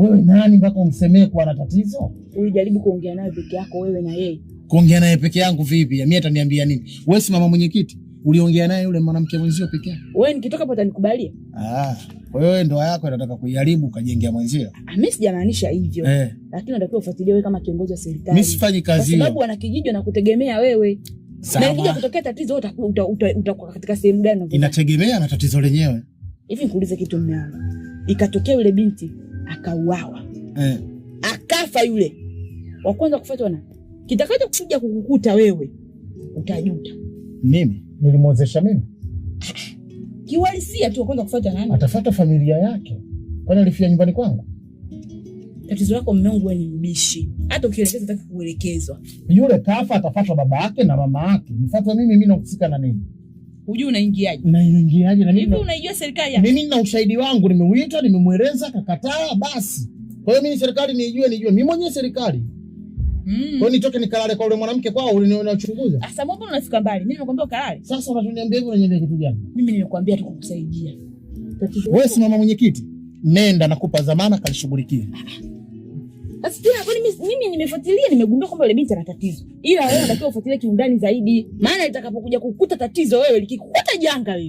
Wewe nani mpaka umsemee kuwa na tatizo? Ulijaribu kuongea naye peke yako wewe na yeye? Kuongea naye peke yangu vipi? Mimi ataniambia nini? Wewe si mama mwenyekiti, uliongea naye yule mwanamke mwenzio peke yake? Wewe nikitoka hapo utanikubalia? Ah, kwa hiyo ndoa yako inataka kuiharibu ukajengea mwenzio? Ah, mimi sijamaanisha hivyo eh, lakini unatakiwa ufuatilie wewe kama kiongozi wa serikali. Mimi sifanyi kazi hiyo, kwa sababu wanakijiji wanakutegemea wewe Sama. na ikija kutokea tatizo utakuwa uta, uta, uta, katika sehemu gani? Inategemea na tatizo lenyewe. Hivi nikuulize kitu, mume ikatokea yule binti akauawa eh. Akafa yule wa kwanza kufuatwa na kitakacho kuja kukukuta wewe utajuta. Mimi nilimwozesha mimi kiwalisia tu, wa kwanza kufuatwa nani? Atafuata familia yake, kwani alifia nyumbani kwangu? Tatizo lako mume wangu, ni mbishi, hata ukielekeza utaki kuelekezwa. Yule kafa atafuatwa baba yake na mama yake, nifuatwe mimi? Mimi nakusika na nini? hujui unaingiaje na inaingiaje na mimi unaijua serikali yako. Mimi na ushahidi wangu, nimeuita, nimemweleza, kakataa, basi. Kwa hiyo mimi serikali niijue, nijue mimi mwenyewe serikali. Mm. Kwa hiyo nitoke nikalale kwa yule mwanamke kwao uliniona uchunguza. Sasa mbona unafika mbali? Mimi nimekuambia ukalale. Sasa unatuniambia hivyo unaniambia kitu gani? Mimi nimekuambia tu kukusaidia. Wewe si simama mwenyekiti. Nenda nakupa dhamana kalishughulikie. Ah, ah mimi nimefuatilia, nimegundua kwamba yule binti ana tatizo, ila wewe unatakiwa ufuatilie kiundani zaidi, maana itakapokuja kukuta tatizo wewe likikukuta janga hili